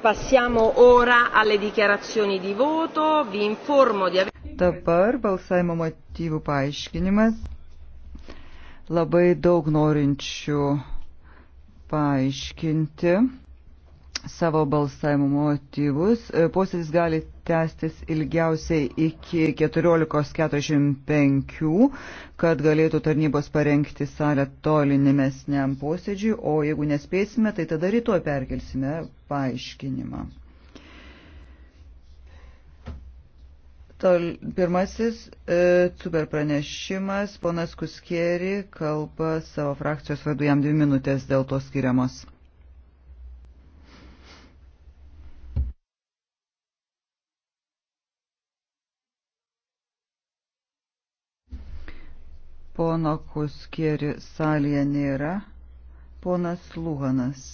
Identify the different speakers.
Speaker 1: Passiamo ora alle dichiarazioni di voto. Vi informo di aver.
Speaker 2: Dabar balsavimo motyvų paaiškinimas. Labai daug norinčių paaiškinti savo balsavimo motyvus. E, posėdis gali tęstis ilgiausiai iki 14.45, kad galėtų tarnybos parengti salę tolinimesniam posėdžiui, o jeigu nespėsime, tai tada rytoj perkelsime paaiškinimą. Tol, pirmasis e, super pranešimas, ponas Kuskeri kalba savo frakcijos vadu jam dvi minutės dėl to skiriamos. Pono Kuskieri salėje nėra. Ponas Luhanas.